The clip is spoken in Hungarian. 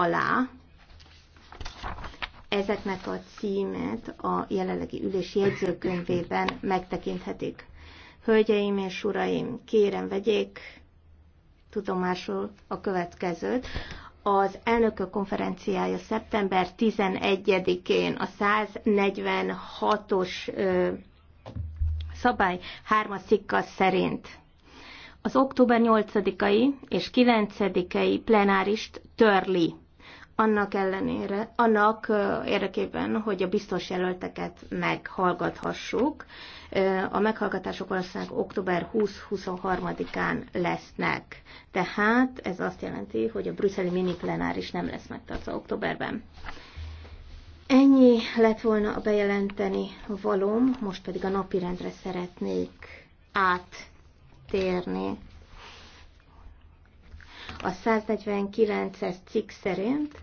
alá. Ezeknek a címet a jelenlegi ülés jegyzőkönyvében megtekinthetik. Hölgyeim és uraim, kérem vegyék tudomásul a következőt. Az elnökök konferenciája szeptember 11-én a 146-os szabály 3 szerint az október 8-ai és 9-ei plenárist törli annak ellenére, annak érdekében, hogy a biztos jelölteket meghallgathassuk. A meghallgatások valószínűleg október 20-23-án lesznek. Tehát ez azt jelenti, hogy a brüsszeli plenáris nem lesz megtartva októberben. Ennyi lett volna a bejelenteni valóm, most pedig a napirendre szeretnék áttérni a 149-es cikk szerint